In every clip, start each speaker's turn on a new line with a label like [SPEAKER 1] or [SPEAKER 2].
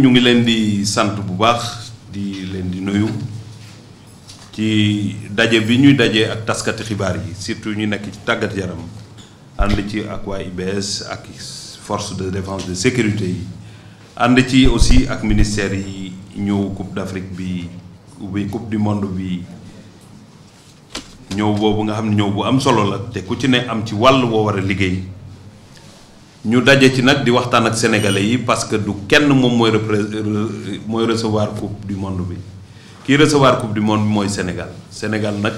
[SPEAKER 1] ñu ngi leen di sant bu baax di leen di nuyu ci daje bi ñuy daje ak taskati xibaar yi surtout ñu nekk ci tàggat yaram ànd ci ak waa IBS ak force de défense de sécurité yi ànd ci aussi ak ministère yi ñëw coupe d'Afrique bi ubbi coupe du monde bi ñëw boobu nga xam ne ñëw bu am solo la te ku ci ne am ci wàll woo war a liggéey ñu daje ci nag di waxtaan ak sénégalais yi parce que du kenn moom mooy repré mooy recevoir coupe du monde bi kii recevoir coupe du monde bi mooy Sénégal Sénégal nag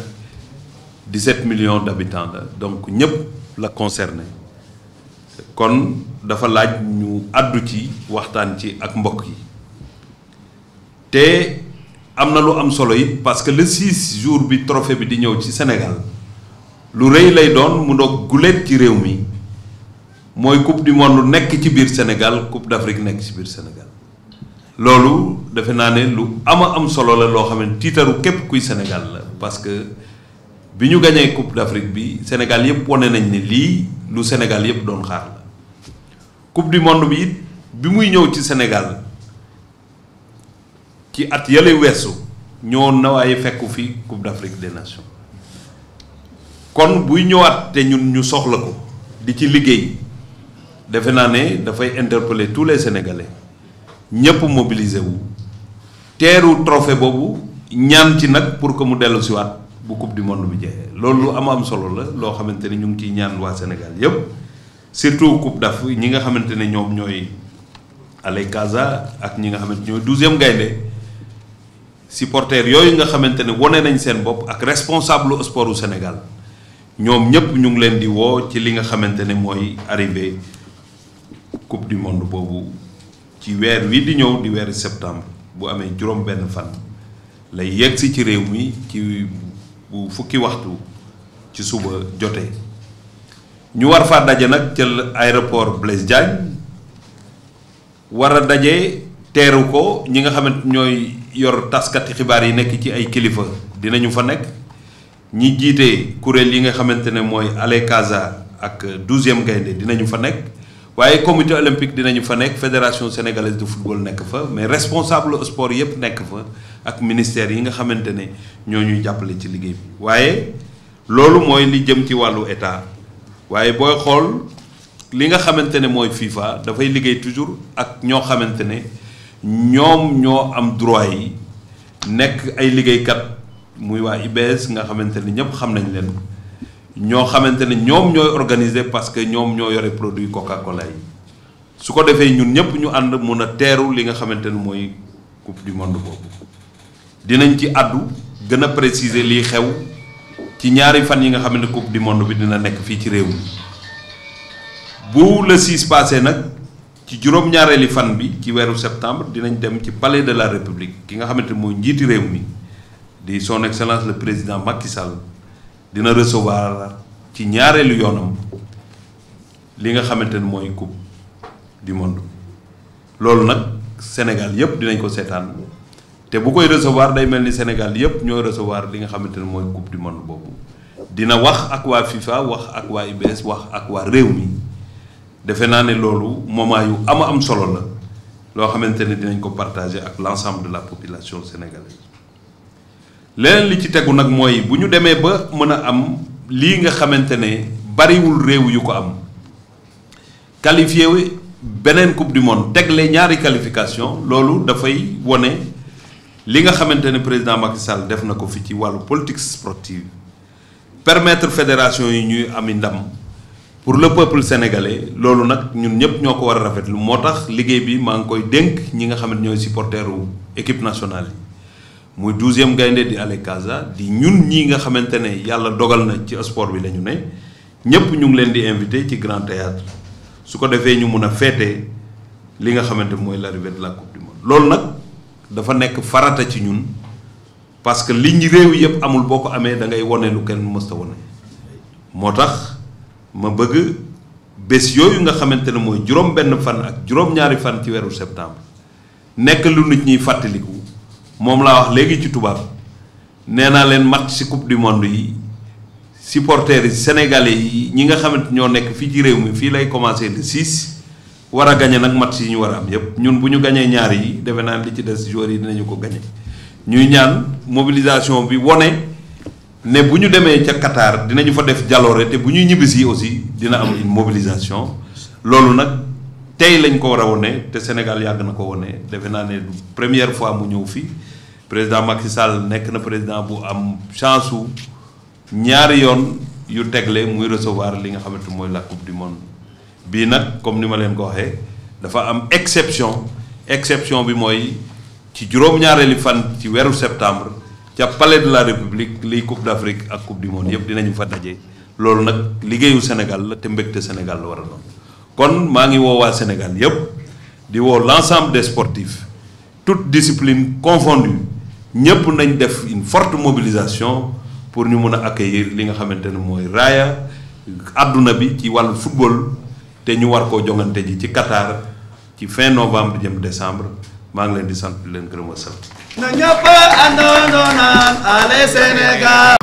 [SPEAKER 1] 17 millions d'habitants la donc ñëpp la concerné kon dafa laaj ñu àddu ci waxtaan ci ak mbokk yi te am na lu am solo it parce que le 6 jours bi trophée bi di ñëw ci Sénégal lu rëy lay doon mu doog guleet ci réew mi. mooy coupe du monde nekk ci biir senegal coupe d'Afrique nekk ci biir senegal loolu defe naa ne lu ama am solo la loo xam ne tiitaru képp kuy senegal la parce que bi ñu gañee coupe d'Afrique bi senegal yëpp wane nañ ne lii lu Sénégal yëpp doon xaar la coupe du monde bi it bi muy ñëw ci senegal ci at yële weesu ñoo na waaye fekku fi coupe d'Afrique de nations kon buy ñëwaat te ñun ñu soxla ko di ci liggéey defe naa ne dafay interpeller tous les sénégalais ñëpp mobiliser wu teeru trophée boobu ñaan ci nag pour que mu dellu si waat bu coupe du monde bi jeexee loolu lu am am solo la loo xamante ni ñu ngi ciy ñaan waa Sénégal yëpp surtout coupe daf ñi nga xamante ne ñoom ñooy Allez Casa ak ñi nga xamante ñooy douzième gaynde supporters yooyu nga xamante ne wane nañ seen bopp ak responsable sportu Sénégal ñoom ñëpp ñu ngi leen di woo ci li nga xamante ne mooy arrivé. coupe du monde boobu ci weer wi di ñëw di weeru septembre bu amee juróom benn fan lay yegg si ci réew mi ci bu fukki waxtu ci suba jotee ñu war faa daje nag jël aéroport Blaise Diagne war a daje teeru ko ñi nga xamante ñooy yor taskati xibaar yi nekk ci ay kilifa dinañu fa nekk ñi jiite kuréel yi nga xamante ne mooy Ale Casa ak douzième gaynde dinañu fa nekk waaye comité olympique dinañu fa nekk fédération sénégalaise de football nekk fa mais responsable sport yëpp nekk fa ak ministère yi nga xamante ne ñoo ñuy jàppale ci liggéey bi waaye loolu mooy li jëm ci wàllu état waaye booy xool li nga xamante ne mooy FIFA dafay liggéey toujours ak ñoo xamante ne ñoom ñoo am droit yi nekk ay liggéeykat muy waa IBS nga xamante ne ñëpp xam nañ leen ñoo xamante ne ñoom ñooy organiser parce que ñoom ñoo yore produit Coca-Cola yi su ko defee ñun ñëpp ñu ànd mun a teeru li nga xamante ne mooy coupe du monde boobu dinañ ci àddu gën a préciser liy xew ci ñaari fan yi nga xam ne coupe du monde bi dina nekk fii ci réew mi bu le 6 passé nag ci juróom-ñaareeli fan bi ci weeru septembre dinañ dem ci palais de la république ki nga xamante ne mooy njiiti réew mi di son excellence le président Macky Sall. dina recevoir ci ñaareelu yoonam li nga xamante ne mooy coupe di monde loolu nag Sénégal yëpp dinañ ko seetaan te bu koy recevoir day mel ni Sénégal yëpp ñoo recevoir li nga xamante ne mooy coupe di monde boobu dina wax ak waa FIFA wax ak waa IBS wax ak waa réew mi defe naa ne loolu moment yu ama am solo la loo xamante ni dinañ ko partager ak l'ensemble de la population sénégalaise leneen li ci tegu nag mooy bu ñu demee ba mën a am lii nga xamante ne bariwul réew yu ko am qualifié beneen coupe du monde tegle ñaari qualification loolu dafay wone li nga xamante ne président Macky def na ko fi ci wàllu politique sportive permettre fédération yi ñuy ami ndam pour le peuple sénégalais loolu nag ñun ñëpp ñoo ko war a rafetlu moo tax liggéey bi maa ngi koy dénk ñi nga xam ne ñooy supporteru équipe nationale yi muy douzième gaynde di Allez Casa di ñun ñi nga xamante ne yàlla dogal na ci sport bi lañu ne ñëpp ñu ngi leen di invité ci grand théâtre su ko defee ñu mun a féete li nga xamante mooy l'arrivée de la coupe du monde loolu nag dafa nekk farata ci ñun parce que liñ réew yëpp amul boo ko amee da ngay wane lu kenn mësta wane moo tax ma bëgg bés yooyu nga xamante ne mooy juróom benn fan ak juróom-ñaari fan ci weeru septembre nekk lu nit ñiy fàttaliku moom laa wax léegi ci tubaab nee naa leen match si coupe du monde yi supporters yi sénégalais yi ñi nga xamante ñoo nekk fii ci réew mi fii lay commencé le 6 war a gañe nag match yi ñu war a am yépp ñun bu ñu gañee ñaar yi defe naa li ci des joueurs yi dinañu ko gañe ñuy ñaan mobilisation bi wone ne bu ñu demee ca Qatar dinañu fa def jaloore te bu ñuy ñibbisi aussi dina am mobilisation loolu nag tey lañ ko war a wone te Sénégal yàgg na ko wone defe naa ne première fois mu ñëw fii président Macky Sall nekk na président bu am chance su ñaari yoon yu tegle muy recevoir li nga xamante mooy la coupe du monde bii nag comme ni ma leen ko waxee dafa am exception exception bi mooy ci juróom-ñaareeli fan ci weeru septembre ca palais de la république liy coupe d'Afrique ak coupe du monde yëpp dinañu fa daje loolu nag liggéeyu Sénégal la te mbégte Sénégal la war a doon kon maa ngi woo waa Sénégal yëpp di woo l'ensemble des sportifs toutes disciplines confondues ñëpp nañ def une forte mobilisation pour ñu mun a accueillir li nga xamante ne mooy raaya àdduna bi ci wàll football te ñu war ko jongante ji ci Qatar ci fin novembre jëm décembre maa ngi leen di sant di leen gërëm a sant. na ñëpp àndoon naan allez Sénégal.